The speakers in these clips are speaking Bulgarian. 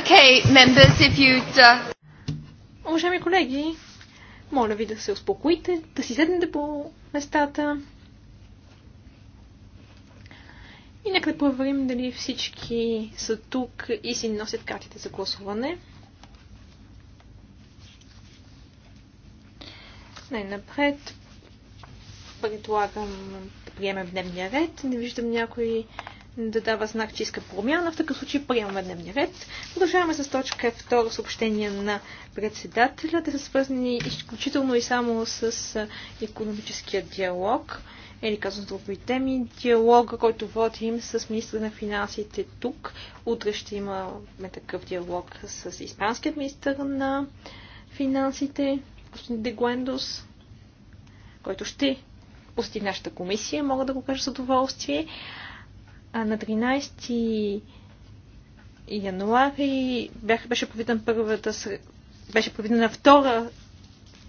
Okay, members, if you'd... Uh, Уважаеми колеги, моля ви да се успокоите, да си седнете по местата. И нека да проверим дали всички са тук и си носят картите за гласуване. Най-напред предлагам да приемем дневния ред. Не виждам някой да дава знак, че иска промяна. В такъв случай приемаме дневния ред. Продължаваме с точка 2 съобщение на председателя. Те са свързани изключително и само с економическия диалог. Или казвам с други теми, диалога, който водим с министра на финансите тук. Утре ще имаме такъв диалог с испанският министр на финансите, господин Дегуендос, който ще посети нашата комисия, мога да го кажа с удоволствие. А на 13 януари бях, беше проведена първата беше проведена втора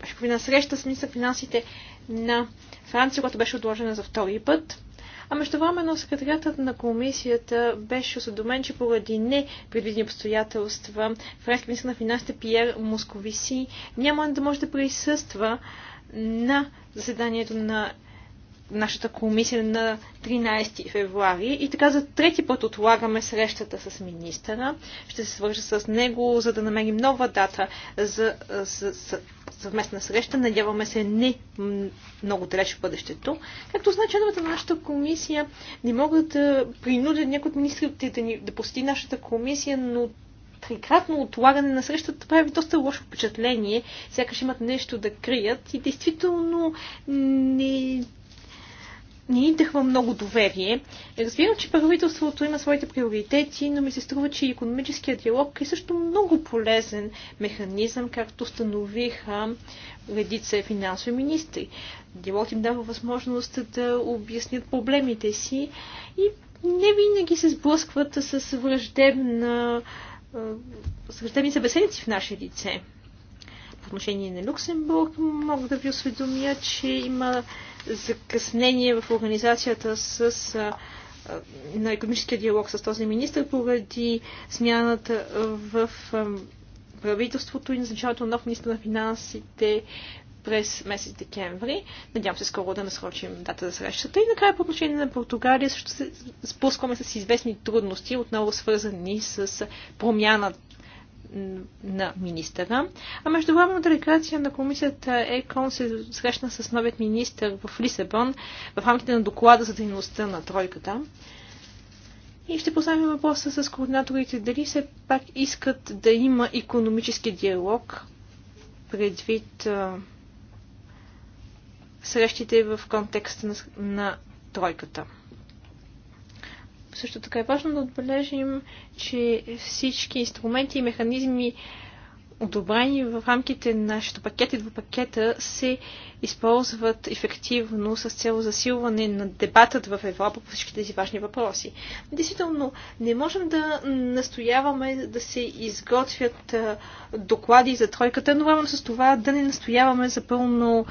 беше проведена среща с министър финансите на Франция, която беше отложена за втори път. А междувременно секретарятът на комисията беше осъдомен, че поради непредвидени обстоятелства френски министър на финансите Пиер Московиси няма да може да присъства на заседанието на нашата комисия на 13 февруари и така за трети път отлагаме срещата с министъра. Ще се свържа с него, за да намерим нова дата за, за, за съвместна среща. Надяваме се не много далеч в бъдещето. Както значи, членовете на нашата комисия не могат да принудят някой от министрите да, ни, да посети нашата комисия, но трикратно отлагане на срещата прави доста лошо впечатление, сякаш имат нещо да крият и действително не не ни дъхва много доверие. Разбирам, че правителството има своите приоритети, но ми се струва, че економическия диалог е също много полезен механизъм, както установиха редица финансови министри. Диалог им дава възможност да обяснят проблемите си и не винаги се сблъскват с враждебна с враждебни събеседници в наше лице по отношение на Люксембург, мога да ви осведомя, че има закъснение в организацията с, а, на економическия диалог с този министр поради смяната в а, правителството и назначаването на нов министр на финансите през месец декември. Надявам се скоро да насрочим дата за срещата. И накрая по отношение на Португалия също се спускаме с известни трудности, отново свързани с промяната на министъра. А междувременната делегация на комисията ЕКОН се срещна с новият министр в Лисабон в рамките на доклада за дейността на тройката. И ще поставим въпроса с координаторите дали все пак искат да има економически диалог предвид срещите в контекста на, на тройката. Също така е важно да отбележим, че всички инструменти и механизми, одобрени в рамките на нашето пакет и два пакета, се използват ефективно с цел засилване на дебатът в Европа по всички тези важни въпроси. Действително, не можем да настояваме да се изготвят доклади за тройката, но с това да не настояваме за пълно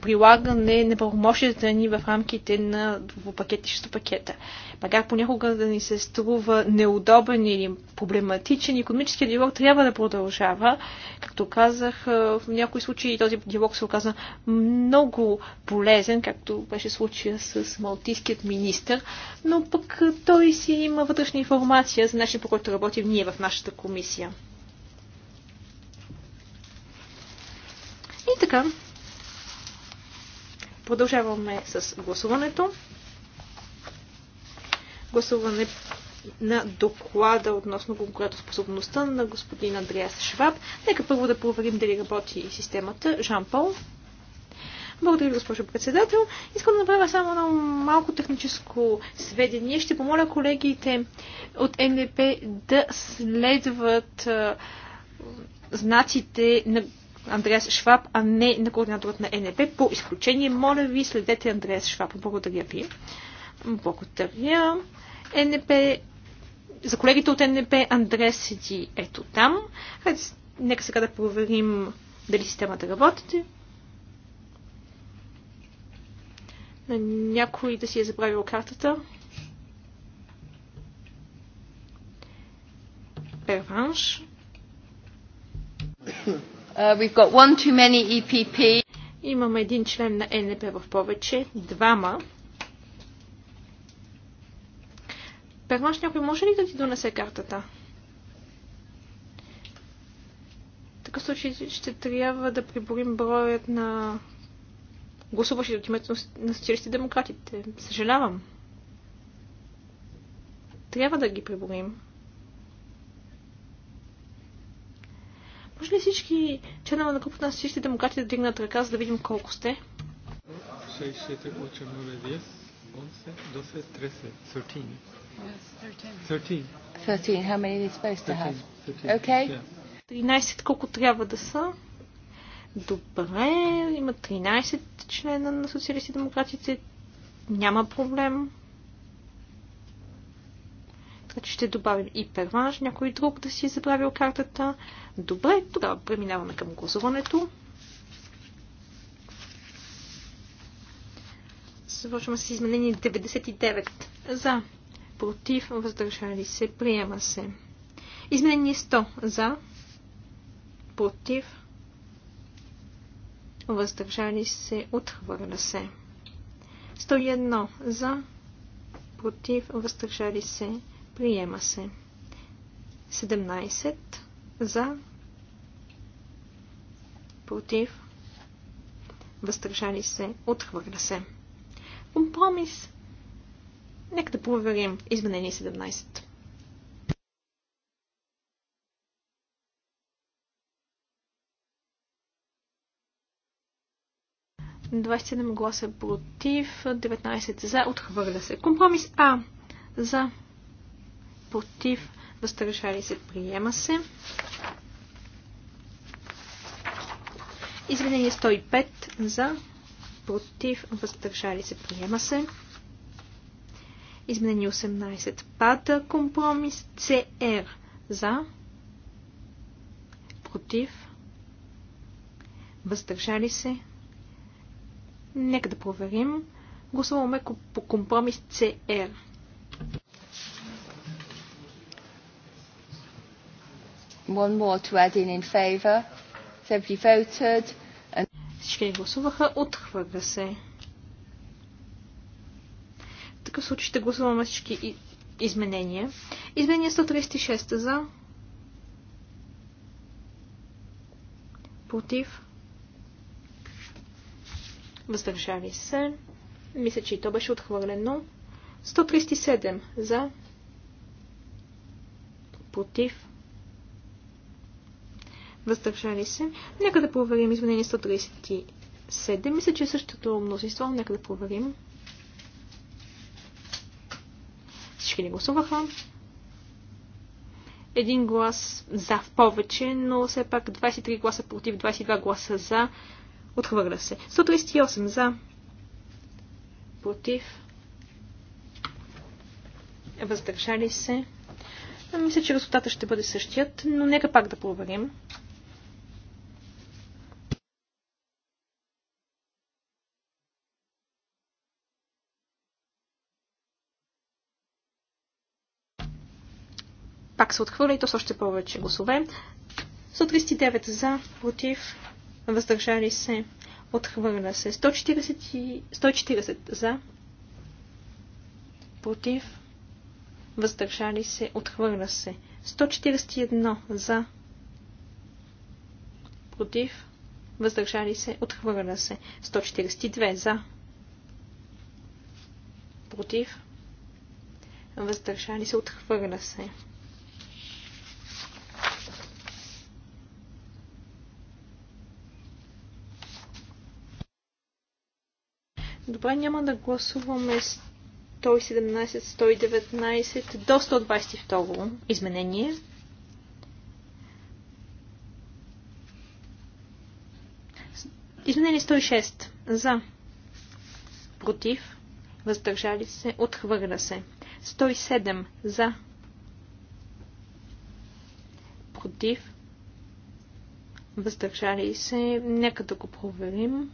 прилагане на правомощията ни в рамките на пакет и пакета. Макар понякога да ни се струва неудобен или проблематичен, економическия диалог трябва да продължава. Както казах, е, в някои случаи този диалог се оказа много полезен, както беше случая с малтийският министр, но пък той си има вътрешна информация за начин по който работим ние в нашата комисия. И така, Продължаваме с гласуването. Гласуване на доклада относно конкурентоспособността на господин Андреас Шваб. Нека първо да проверим дали работи системата. Жан Пол. Благодаря ви, госпожо председател. Искам да направя само едно малко техническо сведение. Ще помоля колегите от НДП да следват знаците на Андреас Шваб, а не на координаторът на НЕП. По изключение, моля ви, следете Андреас Шваб. Благодаря ви. Благодаря. НЕП за колегите от НДП Андреас седи ето там. Хайде, нека сега да проверим дали системата работи. На някой да си е забравил картата. Перванш. Uh, we've got one too many EPP. Имаме един член на НП в повече, двама. Пермаш, някой може ли да ти донесе картата? Така случай ще трябва да приборим броят на гласуващите от името на социалисти демократите. Съжалявам. Трябва да ги приборим. Може ли всички членове на групата на всички демократи да дигнат ръка, за да видим колко сте? 6, 7, 8, 9, 10, 11, 12, 13, 13 колко трябва да са. Добре, има 13 члена на социалисти демократите. Няма проблем. Значи ще добавим и перванж, някой друг да си е забравил картата. Добре, тогава преминаваме към гласуването. Завършваме с изменение 99. За. Против. Въздържали се. Приема се. Изменение 100. За. Против. Въздържали се. Отхвърля се. 101. За. Против. Въздържали се. Приема се. 17 за. Против. Въздържали се. Отхвърля се. Компромис. Нека да проверим изменение 17. 27 гласа против, 19 за, отхвърля се. Компромис А за против, въздържали се, приема се. Изменение 105 за, против, въздържали се, приема се. Изменение 18 пада, компромис CR за, против, въздържали се. Нека да проверим. Гласуваме по компромис CR. One more to add in in favor. Every voted. And... Всички гласуваха, отхвърля се. В такъв случай ще гласуваме всички изменения. Изменение 136 за. Против. Въздържали се. Мисля, че и то беше отхвърлено. 137 за. Против въздържали се. Нека да проверим изменение 137. Мисля, че е същото мнозинство. Нека да проверим. Всички не гласуваха. Един глас за в повече, но все пак 23 гласа против, 22 гласа за. Отхвърля се. 138 за. Против. Въздържали се. Мисля, че резултата ще бъде същият, но нека пак да проверим. се отхвърля и то с още повече гласове. 139 за, против, въздържали се, отхвърля се. 140, 140 за, против, въздържали се, отхвърля се. 141 за, против, въздържали се, отхвърля се. 142 за, против, въздържали се, отхвърля се. Добре, няма да гласуваме 117, 119 до 122 изменение. Изменение 106. За. Против. Въздържали се. Отхвърля се. 107. За. Против. Въздържали се. Нека да го проверим.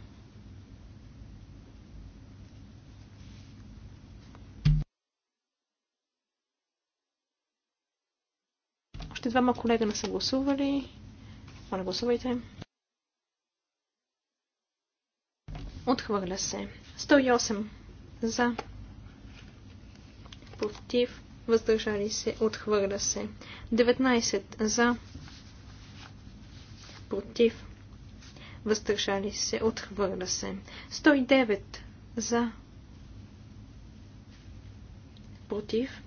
Двама колега не са гласували. Моля, гласувайте. Отхвърля се. 108 за. Против. Въздържали се. Отхвърля се. 19 за. Против. Въздържали се. Отхвърля се. 109 за. Против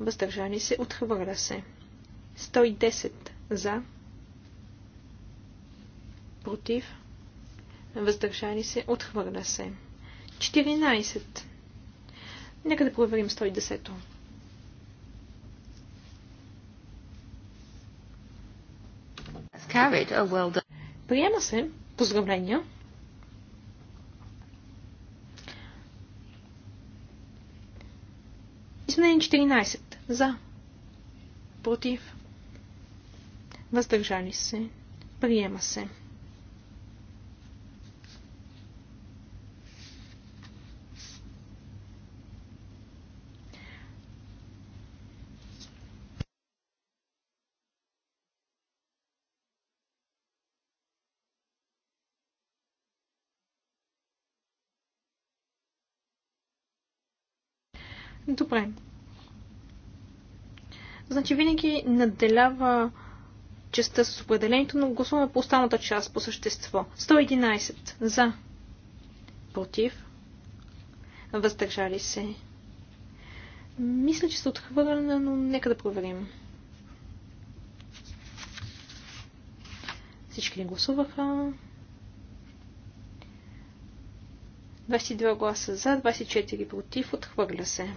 въздържали се, отхвърля се. 110 за, против, въздържали се, отхвърля се. 14. Нека да проверим 110-то. Приема се. Поздравления. 14. За. Против. Въздържали се. Приема се. Добре. Значи винаги наделява частта с определението, но гласуваме по останата част по същество. 111 за, против, въздържали се. Мисля, че са отхвърлена, но нека да проверим. Всички не гласуваха. 22 гласа за, 24 против, отхвърля се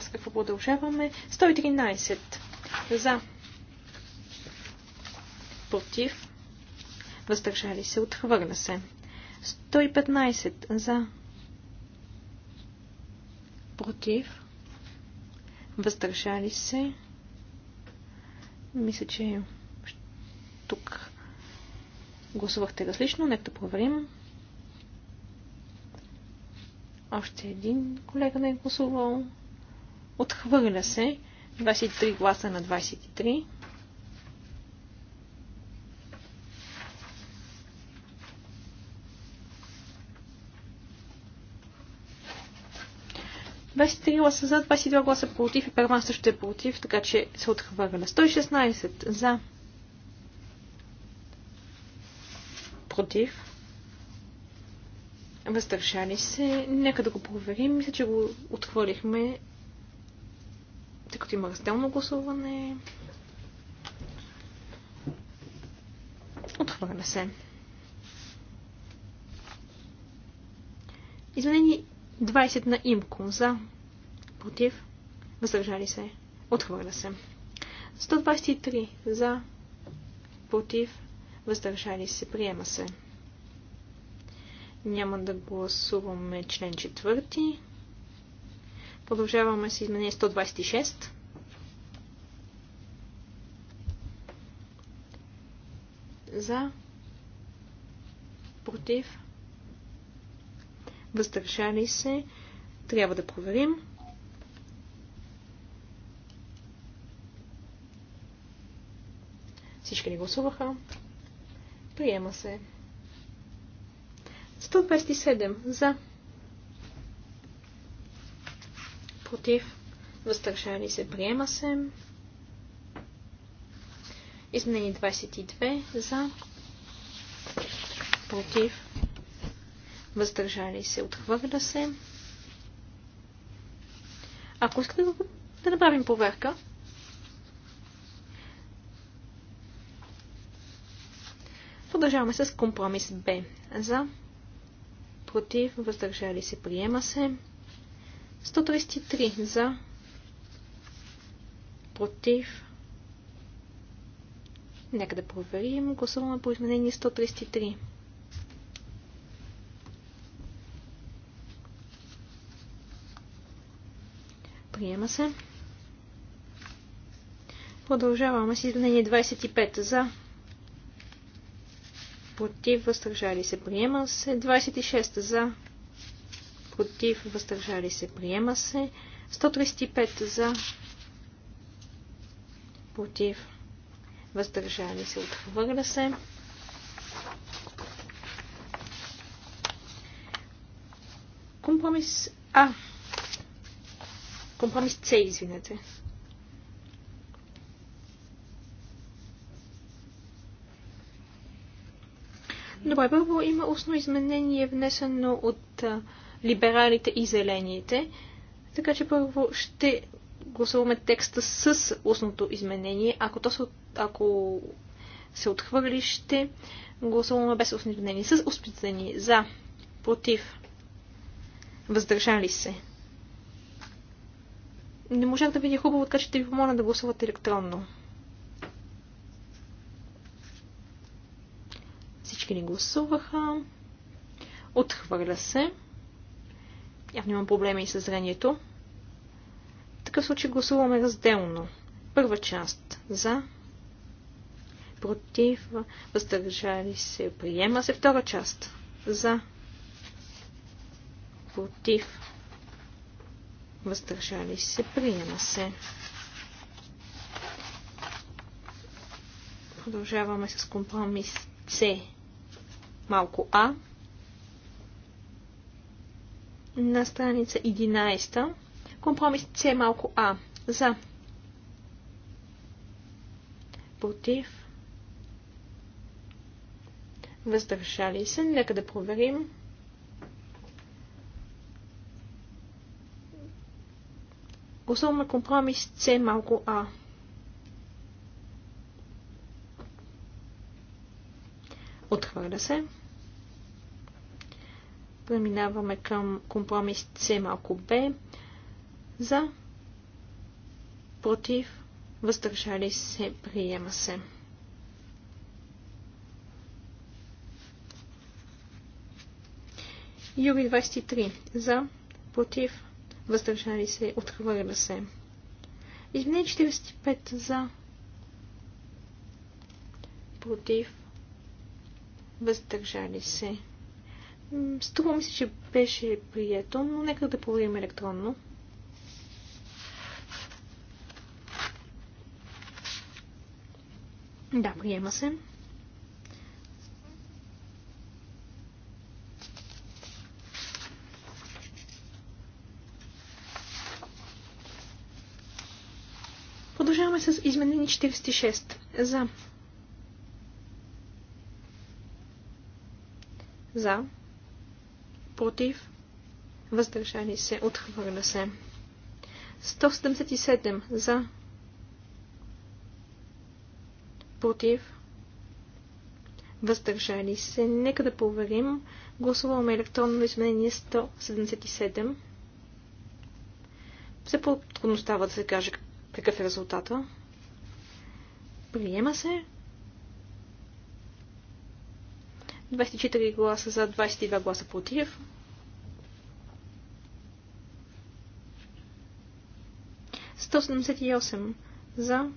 с какво продължаваме. 113 за, против, въздържали се, отхвърля се. 115 за, против, въздържали се. Мисля, че тук гласувахте различно. Нека да проверим. Още един колега не е гласувал. Отхвърля се. 23 гласа на 23. 23 гласа за, 22 гласа против и Перван също е против, така че се отхвърля. 116 за. Против. Въздържали се. Нека да го проверим. Мисля, че го отхвърлихме тъй като има разделно гласуване. Отхвърля се. Изменени 20 на имко за, против, въздържали се, отхвърля се. 123 за, против, въздържали се, приема се. Няма да гласуваме член четвърти. Продължаваме с изменение 126. За. Против. Въздържали се. Трябва да проверим. Всички ни гласуваха. Приема се. 127 за. против, въздържали се, приема се. Изменени 22 за, против, въздържали се, отхвърля се. Ако искате да, да направим проверка, Продължаваме с компромис Б. За, против, въздържали се, приема се. 133 за, против. Нека да проверим. Гласуваме по изменение 133. Приема се. Продължаваме с изменение 25 за. Против, въздържали се. Приема се. 26 за против, въздържали се, приема се. 135 за, против, въздържали се, отхвърля се. Компромис А. Компромис С, извинете. Добре, първо има устно изменение, внесено от либералите и зелените. Така че първо ще гласуваме текста с устното изменение. Ако, то се, ако се отхвърли, ще гласуваме без устно изменение. С устно изменение. За. Против. Въздържали се. Не можах да видя хубаво, така че ще ви помоля да гласувате електронно. Всички ни гласуваха. Отхвърля се. Явно имам проблеми с зрението. В такъв случай гласуваме разделно. Първа част за, против, въздържали се, приема се. Втора част за, против, въздържали се, приема се. Продължаваме с компромис С малко А на страница 11. Компромис С малко А. За. Против. Въздържали се. Нека да проверим. Гласуваме компромис С малко А. Отхвърля се. Преминаваме към компромис С малко Б. За, против, въздържали се, приема се. Юри 23. За, против, въздържали се, отхвърля се. Извини 45 за, против, въздържали се. Струва ми се, че беше прието, но нека да проверим електронно. Да, приема се. Продължаваме с изменени 46. За. За против, въздържали се, отхвърля се. 177 за, против, въздържали се. Нека да проверим. Гласуваме електронно изменение 177. Все по-трудно става да се каже какъв е резултата. Приема се 24 гласа за, 22 гласа против. Сто за,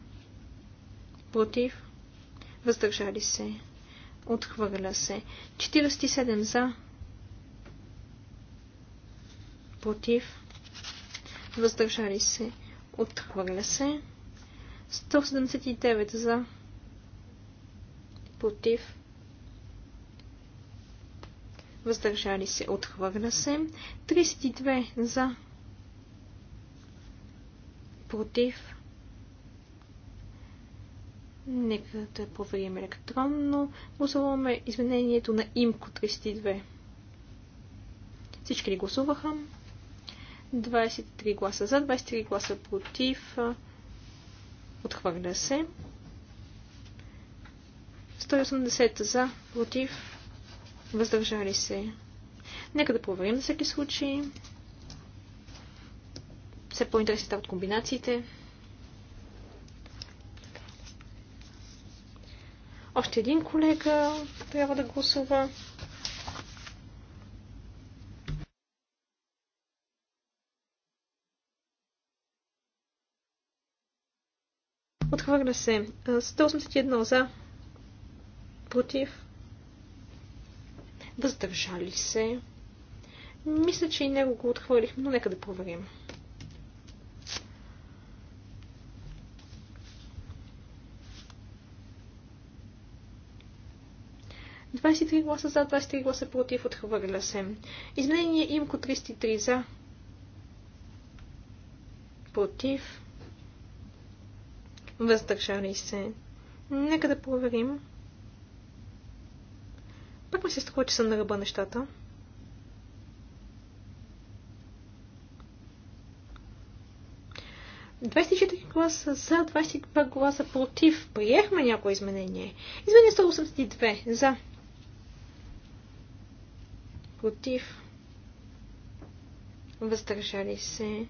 против, въздържали се, отхвърля се. 47 за, против, въздържали се, отхвърля се. 179 за, против, въздържали се, отхвърля се. 32 за, против. Нека да проверим електронно. Гласуваме изменението на имко 32. Всички ли гласуваха? 23 гласа за, 23 гласа против. Отхвърля се. 180 за, против Въздържали се. Нека да проверим на всеки случай. Все по-интересни стават комбинациите. Още един колега трябва да гласува. Отхвърля се. 181 за. Против въздържали се. Мисля, че и него го отхвърлихме, но нека да проверим. Двадесет гласа за, 23 гласа против, отхвърля се. Изменение имко 33 за. Против. Въздържали се. Нека да проверим. Пък ми се струва, че съм на ръба нещата. гласа за, 22 гласа против. Приехме някое изменение. Изменение 182 за. Против. Въздържали се.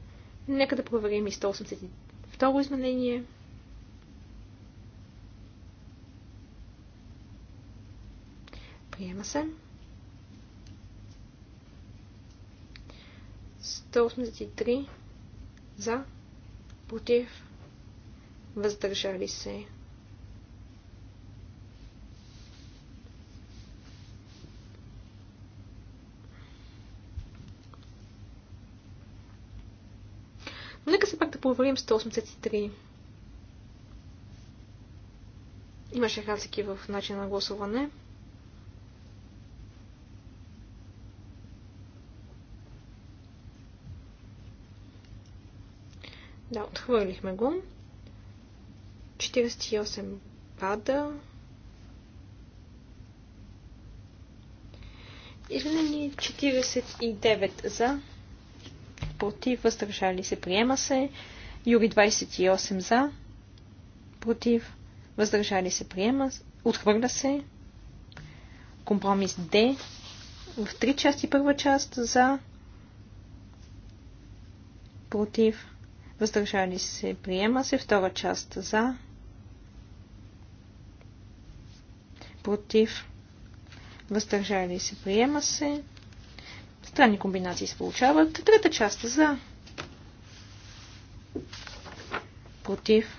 Нека да проверим и 182 изменение. Приема се. 183 за, против, въздържали се. Нека се пак да проверим 183. Имаше разлики в начин на гласуване. Да, отхвърлихме го. 48 пада. Изменени 49 за. Против, въздържали се, приема се. Юри 28 за. Против, въздържали се, приема се. Отхвърля се. Компромис Д. В три части първа част за. Против, въздържали се, приема се. Втора част за, против, въздържали се, приема се. Странни комбинации се получават. Трета част за, против,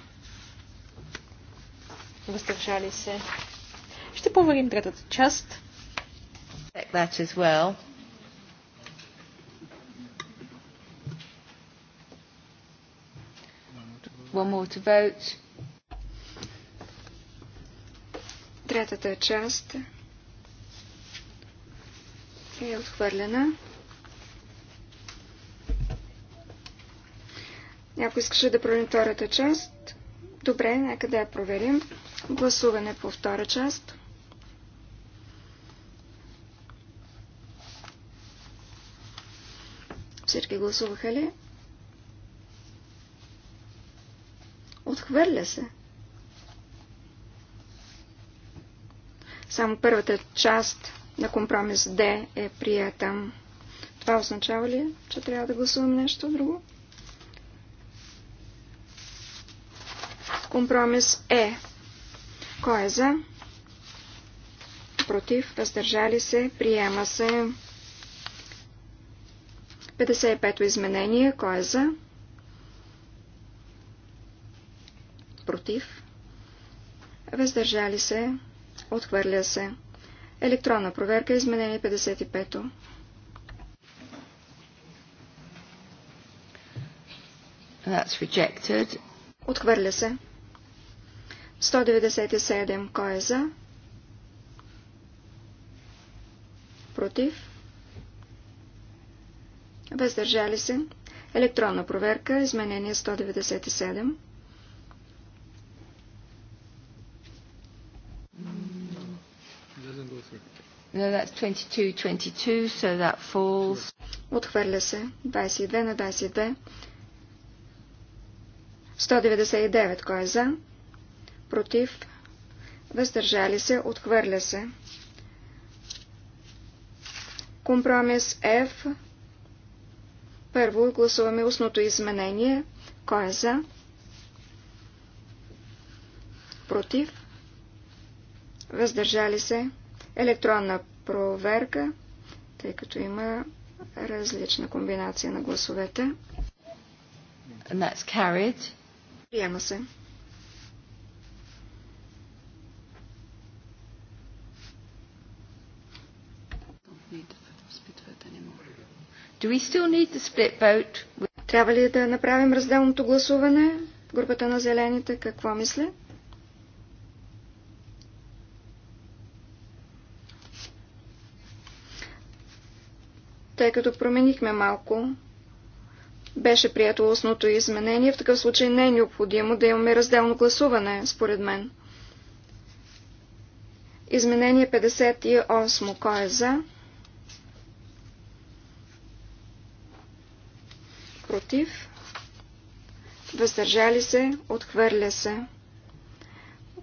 въздържали се. Ще проверим третата част. Check that as well. One more to vote. Третата част е отхвърлена. Някой искаше да проверим втората част. Добре, нека да я проверим. Гласуване по втора част. Всички гласуваха ли? Отхвърля се. Само първата част на компромис Д е прията. Това означава ли, че трябва да гласувам нещо друго? Компромис Е. Кой е за? Против, въздържали се, приема се. 55-то изменение. Кой е за? против, въздържали се, отхвърля се. Електронна проверка, изменение 55-то. Отхвърля се. 197. Кой е за? Против? Въздържали се. Електронна проверка. Изменение 197. that's 22, 22, so that falls. Отхвърля се. 22 на 22. 199. Кой е за? Против. Въздържали се. Отхвърля се. Компромис F. Първо гласуваме устното изменение. Кой е за? Против. Въздържали се електронна проверка, тъй като има различна комбинация на гласовете. And that's carried. Приема се. Do we still need the split vote? Трябва ли да направим разделното гласуване? Групата на зелените какво мислят? тъй като променихме малко. Беше прието устното изменение, в такъв случай не е необходимо да имаме разделно гласуване, според мен. Изменение 58. Кой е за? Против? Въздържали се? Отхвърля се.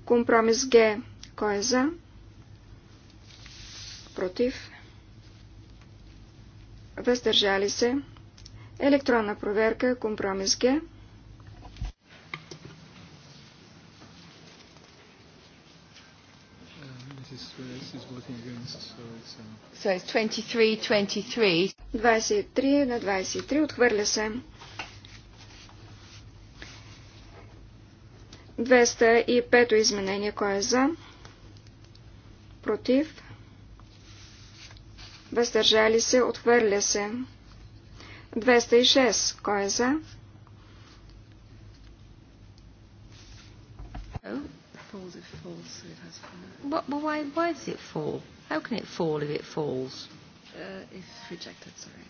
Компромис Г. Кой е за? Против? въздържали се, електронна проверка, компромис Г. So it's 23, 23. 23 на 23 отхвърля се. 205 изменение. Кой е за? Против? въздържали се, отхвърля се. 206. Кой е за? Oh, falls why, why does it fall? How can it fall if it falls? Uh, if rejected, sorry.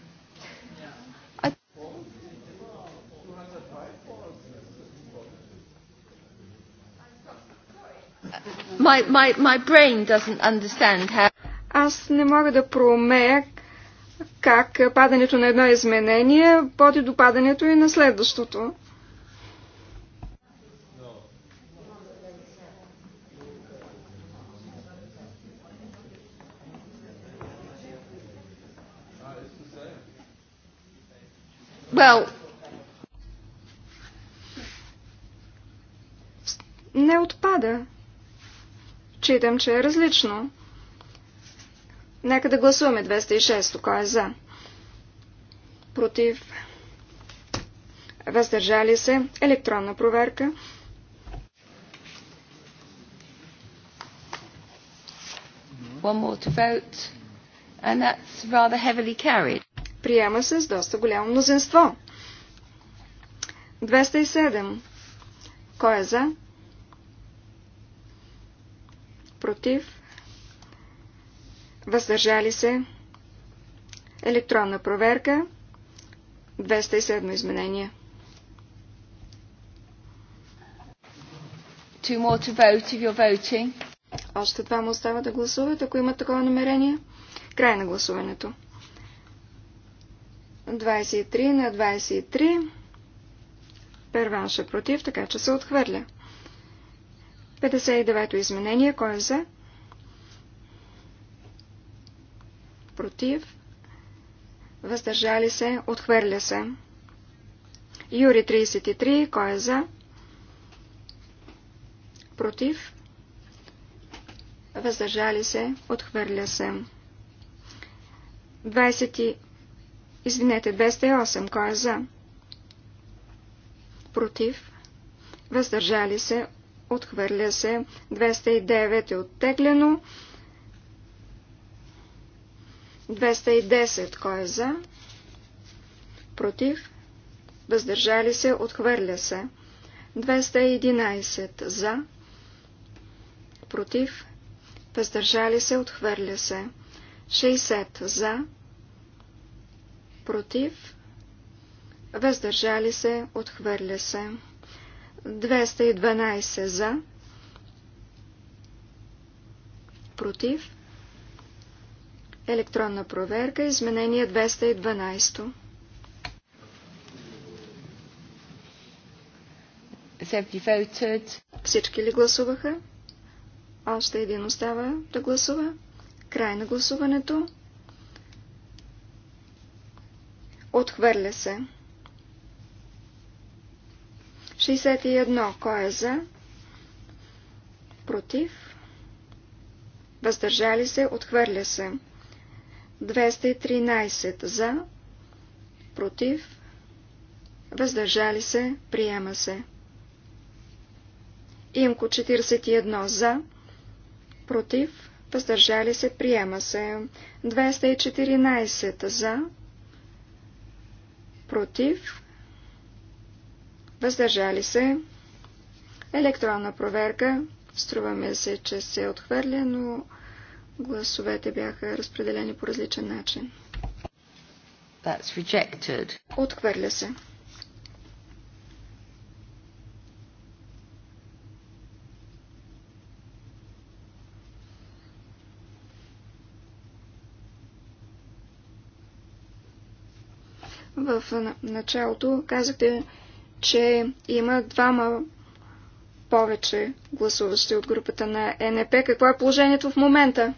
My, my, my brain doesn't understand how... Аз не мога да проумея как падането на едно изменение поди до падането и на следващото. Well, не отпада. Читам, че е различно. Нека да гласуваме 206. Кой е за? Против. Въздържали се. Електронна проверка. One more to vote. And that's rather heavily carried. Приема се с доста голямо мнозинство. 207. Кой е за? Против въздържали се, електронна проверка, 207 изменение. Two more to vote if you're voting. Още два му остава да гласуват, ако имат такова намерение. Край на гласуването. 23 на 23. Перванша против, така че се отхвърля. 59-то изменение. Кой е за? против, въздържали се, отхвърля се. Юри 33, кой е за? Против, въздържали се, отхвърля се. 20, извинете, 208, кой е за? Против, въздържали се, отхвърля се. 209 е оттеглено. 210. Кой е за? Против? Въздържали се? Отхвърля се. 211. За? Против? Въздържали се? Отхвърля се. 60. За? Против? Въздържали се? Отхвърля се. 212. За? Против? Електронна проверка. Изменение 212. Всички ли гласуваха? Още един остава да гласува. Край на гласуването. Отхвърля се. 61. Кой е за? Против? Въздържали се? Отхвърля се. 213 за, против, въздържали се, приема се. Имко 41 за, против, въздържали се, приема се. 214 за, против, въздържали се. Електронна проверка. Струваме се, че се е отхвърля, но Гласовете бяха разпределени по различен начин. That's rejected. Отхвърля се. В началото казахте, че има двама повече гласуващи от групата на НП. Какво е положението в момента?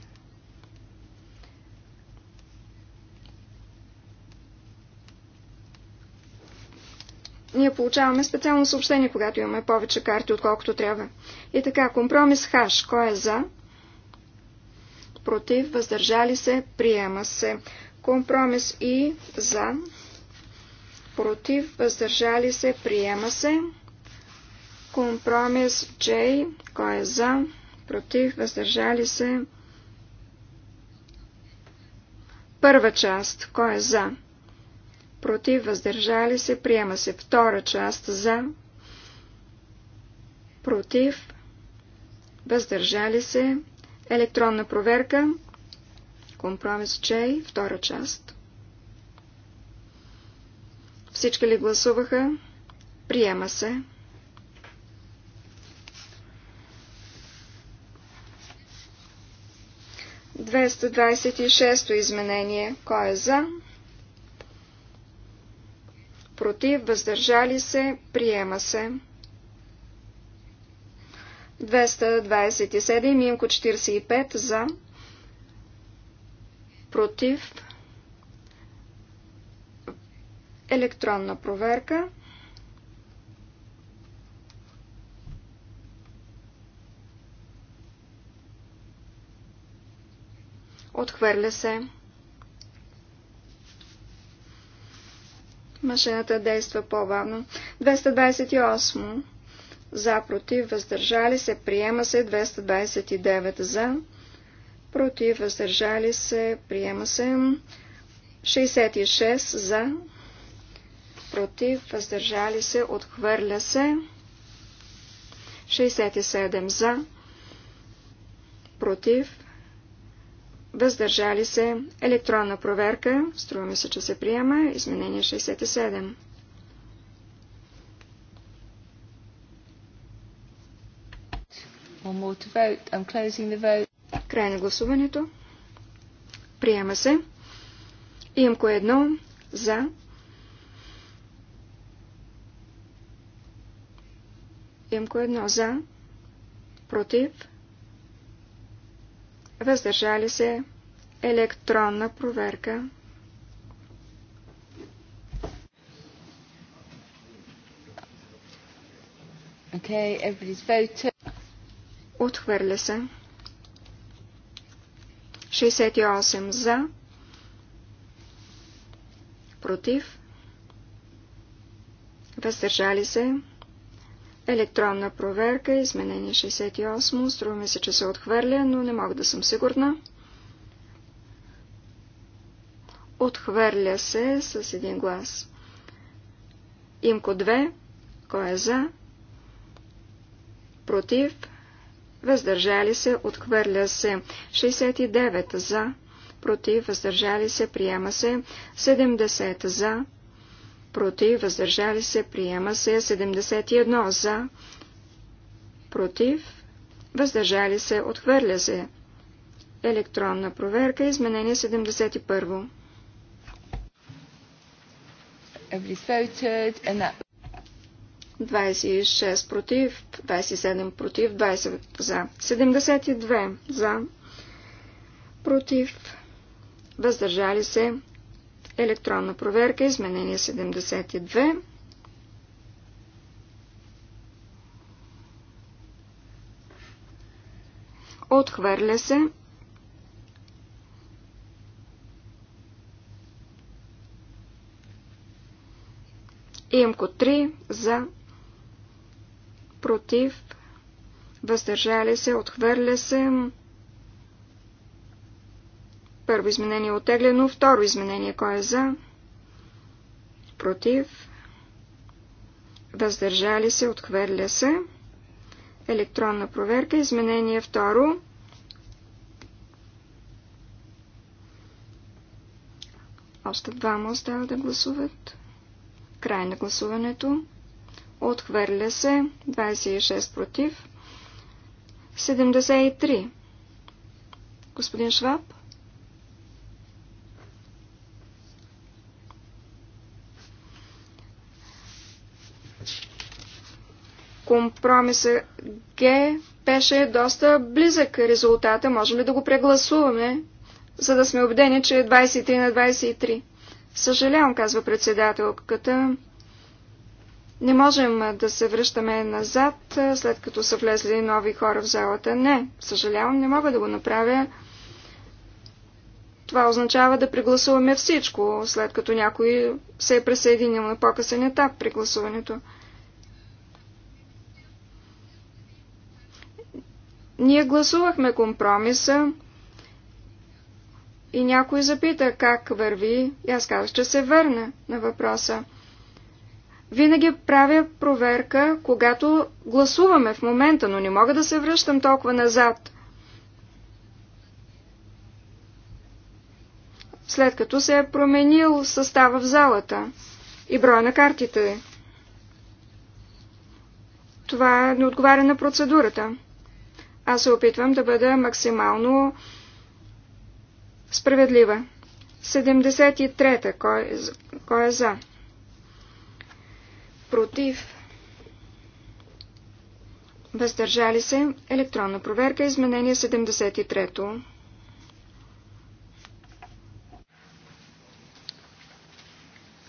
Ние получаваме специално съобщение, когато имаме повече карти, отколкото трябва. И така, компромис хаш. Кой е за? Против, въздържали се, приема се. Компромис и за. Против, въздържали се, приема се. Компромис J. Кой е за? Против, въздържали се. Първа част. Кой е за? против, въздържали се, приема се. Втора част за, против, въздържали се, електронна проверка, компромис J, втора част. Всички ли гласуваха? Приема се. Двеста изменение. Кой е за? против, въздържали се, приема се. 227, Минко 45 за, против, електронна проверка. Отхвърля се. машината действа по-бавно. 228 за, против, въздържали се, приема се 229 за, против, въздържали се, приема се 66 за, против, въздържали се, отхвърля се 67 за, против, въздържали се, електронна проверка, струва ми се, че се приема, изменение 67. Край на гласуването. Приема се. кое едно за. кое едно за. Против въздържали се, електронна проверка. Okay, everybody's voted. Отхвърля се. 68 за. Против. Въздържали се. Електронна проверка, изменение 68. Струва ми се, че се отхвърля, но не мога да съм сигурна. Отхвърля се с един глас. Имко 2. Кой е за? Против. Въздържали се. Отхвърля се. 69 за. Против. Въздържали се. Приема се. 70 за против, въздържали се, приема се 71 за, против, въздържали се, отхвърля се. Електронна проверка, изменение 71. Every 26 против, 27 против, 20 за. 72 за, против, въздържали се, електронна проверка, изменение 72. Отхвърля се. Имко 3 за против. Въздържали се. Отхвърля се. Първо изменение е отеглено. Второ изменение. Кой е за? Против. Въздържали се. Отхвърля се. Електронна проверка. Изменение второ. Още двама остава да гласуват. Край на гласуването. Отхвърля се. 26 против. 73. Господин Шваб. компромиса Г беше доста близък резултата. Можем ли да го прегласуваме, за да сме убедени, че е 23 на 23? Съжалявам, казва председателката. Не можем да се връщаме назад, след като са влезли нови хора в залата. Не, съжалявам, не мога да го направя. Това означава да прегласуваме всичко, след като някой се е присъединил на по-късен етап при гласуването. Ние гласувахме компромиса и някой запита как върви и аз казах, че се върна на въпроса. Винаги правя проверка, когато гласуваме в момента, но не мога да се връщам толкова назад. След като се е променил състава в залата и броя на картите. Това не отговаря на процедурата. Аз се опитвам да бъда максимално справедлива. 73-та. Кой, кой е за? Против. Въздържали се. Електронна проверка. Изменение 73-то.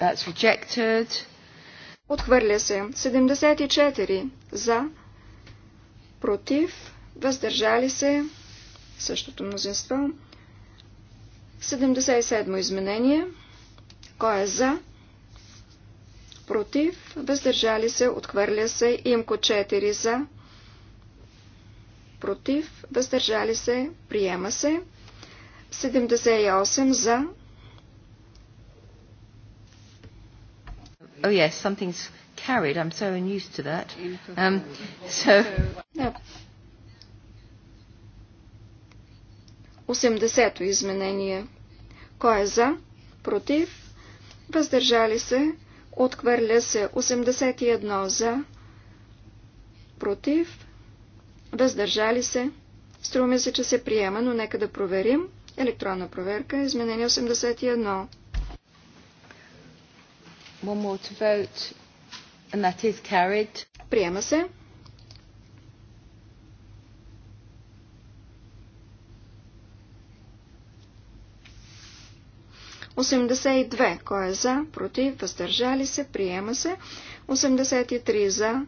That's rejected. Отхвърля се. 74. За. Против въздържали се, същото мнозинство. 77 изменение. Кой е за? Против, въздържали се, отхвърля се, имко 4 за. Против, въздържали се, приема се. 78 за. Oh yes, something's carried. I'm so unused to that. Um, so... 80-то изменение. Кой е за? Против? Въздържали се? Отхвърля се 81 за. Против? Въздържали се? Струва се, че се приема, но нека да проверим. Електронна проверка. Изменение 81. One more to vote. And that is carried. Приема се. 82. Кой е за? Против? Въздържали се? Приема се. 83 за.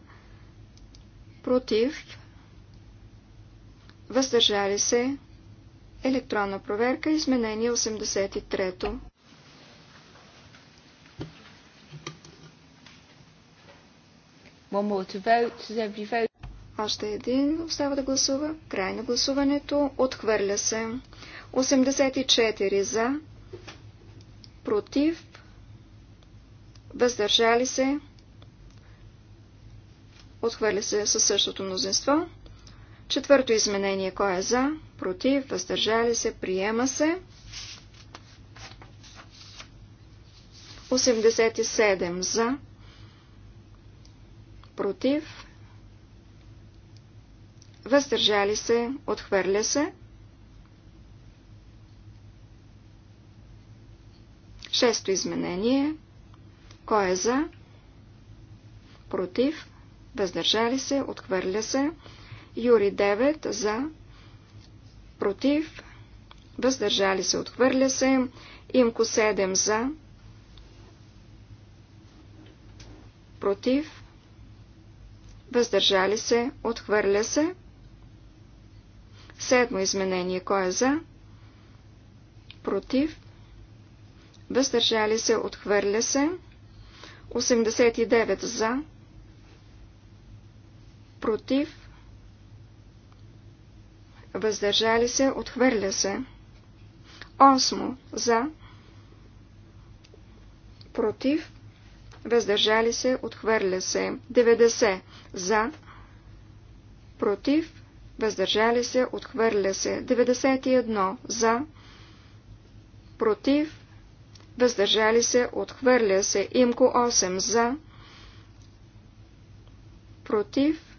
Против? Въздържали се? Електронна проверка. Изменение 83 Още един остава да гласува. Край на гласуването. Отхвърля се. 84 за против, въздържали се, отхвърля се със същото мнозинство. Четвърто изменение, кой е за, против, въздържали се, приема се. 87 за, против, въздържали се, отхвърля се. Шесто изменение. Кой е за? Против. Въздържали се. Отхвърля се. Юри 9 за. Против. Въздържали се. Отхвърля се. Имко 7 за. Против. Въздържали се. Отхвърля се. Седмо изменение. Кой е за? Против въздържали се, отхвърля се. 89 за, против, въздържали се, отхвърля се. 8 за, против, въздържали се, отхвърля се. 90 за, против, въздържали се, отхвърля се. 91 за, против, въздържали се, отхвърля се. Имко 8 за, против,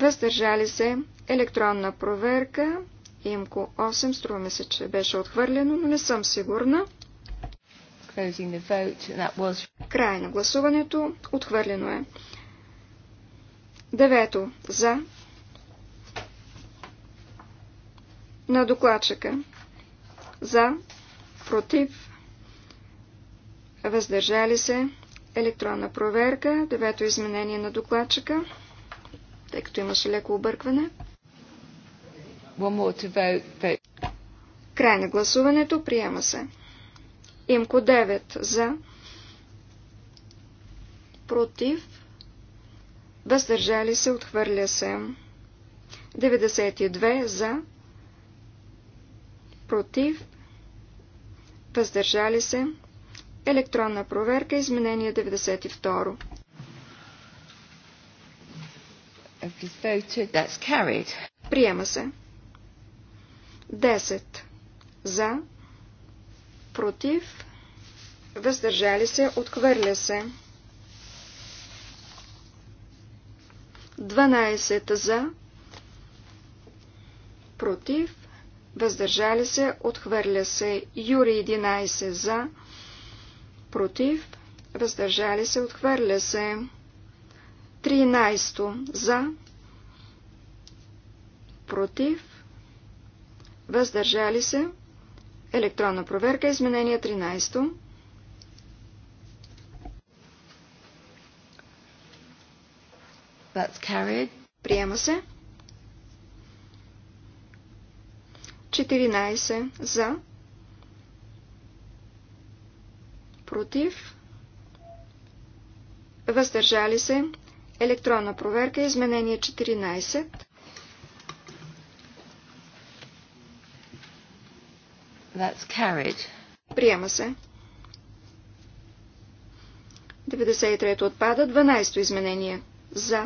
въздържали се, електронна проверка. Имко 8, струва ми се, че беше отхвърлено, но не съм сигурна. Was... Край на гласуването, отхвърлено е. Девето, за, на докладчика, за, против, въздържали се, електронна проверка, девето изменение на докладчика, тъй като имаше леко объркване. Край на гласуването, приема се. Имко 9 за, против, въздържали се, отхвърля се. 92 за, против, въздържали се, Електронна проверка, изменение 92. Приема се. 10. За. Против. Въздържали се. Отхвърля се. 12 за, против, въздържали се, отхвърля се, Юри 11 за, против, въздържали се, отхвърля се. 13 за, против, въздържали се, електронна проверка, изменение 13. That's carried. Приема се. 14 за, против, въздържали се, електронна проверка, изменение 14. That's carried. Приема се. 93-то отпада, 12-то изменение. За.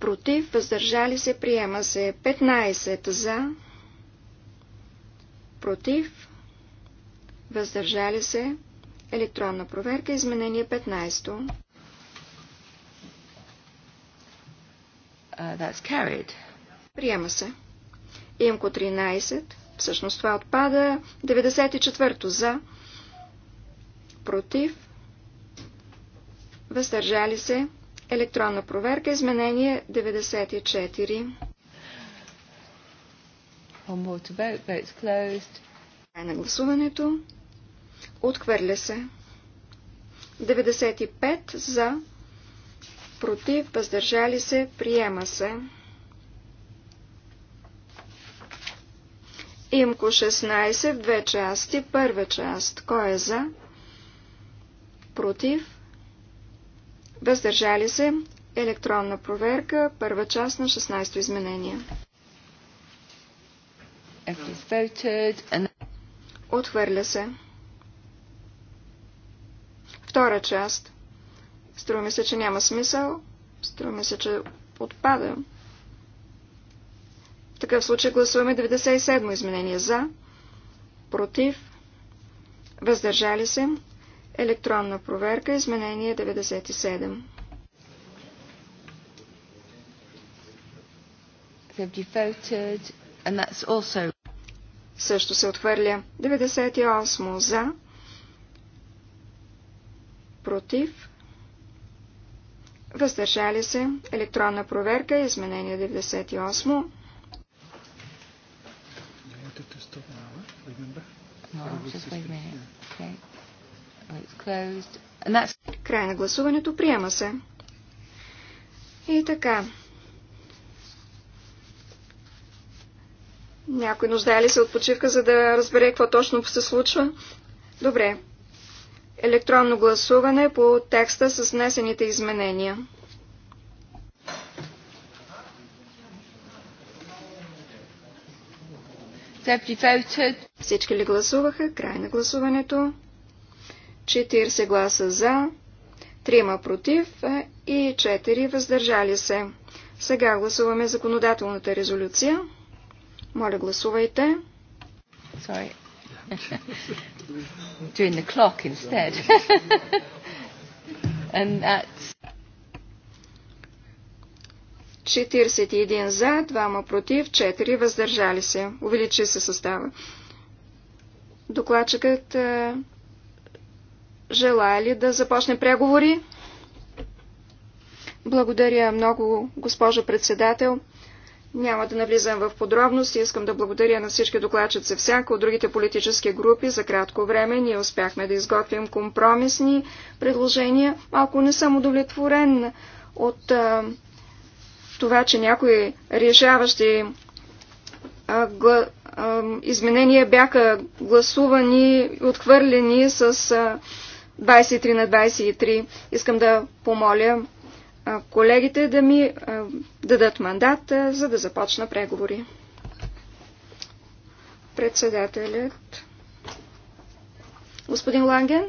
Против, въздържали се, приема се. 15 за. Против, въздържали се, електронна проверка, изменение 15. Uh, Приема се. Имко 13, всъщност това отпада, 94 за, против, въздържали се, електронна проверка, изменение 94. One more to vote. Vote's closed. на гласуването. Отхвърля се. 95 за. Против. Въздържали се. Приема се. Имко 16 в две части. Първа част. Кой е за? Против. Въздържали се. Електронна проверка. Първа част на 16-то изменение. Отхвърля се. Втора част. Струва ми се, че няма смисъл. Струва ми се, че отпада. В такъв случай гласуваме 97 изменение за, против, въздържали се, електронна проверка, изменение 97. Също се отхвърля 98 за, против, въздържали се, електронна проверка, изменение 98. Край на гласуването приема се. И така. Някой нуждае ли се от почивка, за да разбере какво точно се случва? Добре, електронно гласуване по текста с внесените изменения. Всички ли гласуваха? Край на гласуването. 40 гласа за, 3 против е, и 4 въздържали се. Сега гласуваме законодателната резолюция. Моля, гласувайте. Sorry. doing the clock instead. And that's 41 за, 2 против, 4 въздържали се. Увеличи се състава. Докладчикът е, желая ли да започне преговори? Благодаря много, госпожо председател. Няма да навлизам в подробности. Искам да благодаря на всички докладчици всяко от другите политически групи. За кратко време ние успяхме да изготвим компромисни предложения. Малко не съм удовлетворен от а, това, че някои решаващи а, гла, а, изменения бяха гласувани, отхвърлени с а, 23 на 23. Искам да помоля колегите да ми дадат мандат, за да започна преговори. Председателят. Господин Ланген.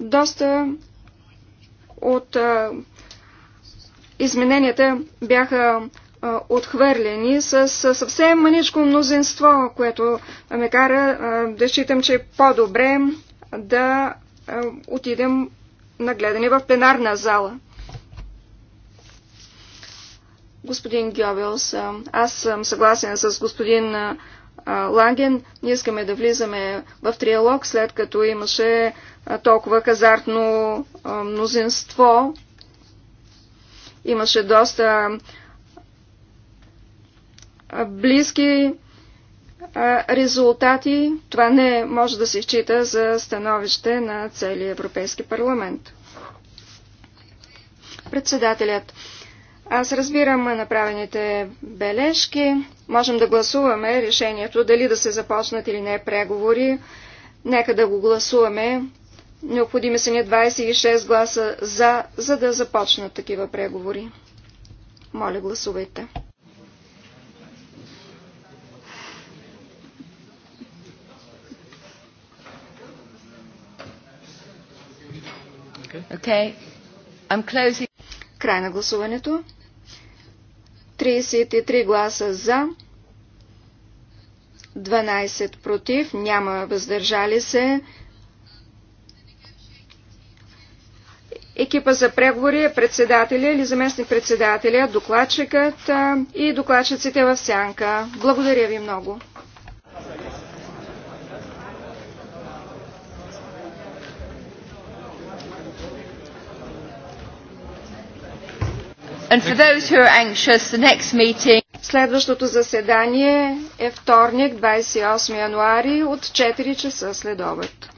Доста от измененията бяха отхвърлени с съвсем маничко мнозинство, което ме кара да считам, че е по-добре да отидем на гледане в пленарна зала. Господин Гьовелс, аз съм съгласен с господин Лаген. Ние искаме да влизаме в триалог, след като имаше толкова казартно мнозинство. Имаше доста близки резултати, това не може да се счита за становище на целия Европейски парламент. Председателят, аз разбирам направените бележки. Можем да гласуваме решението дали да се започнат или не преговори. Нека да го гласуваме. Необходими са ни 26 гласа за, за да започнат такива преговори. Моля, гласувайте. Okay. I'm closing. Край на гласуването. 33 гласа за, 12 против, няма въздържали се. Екипа за преговори е председателя или заместник-председателя, докладчикът и докладчиците в сянка. Благодаря ви много. Следващото заседание е вторник, 28 януари от 4 часа след обед.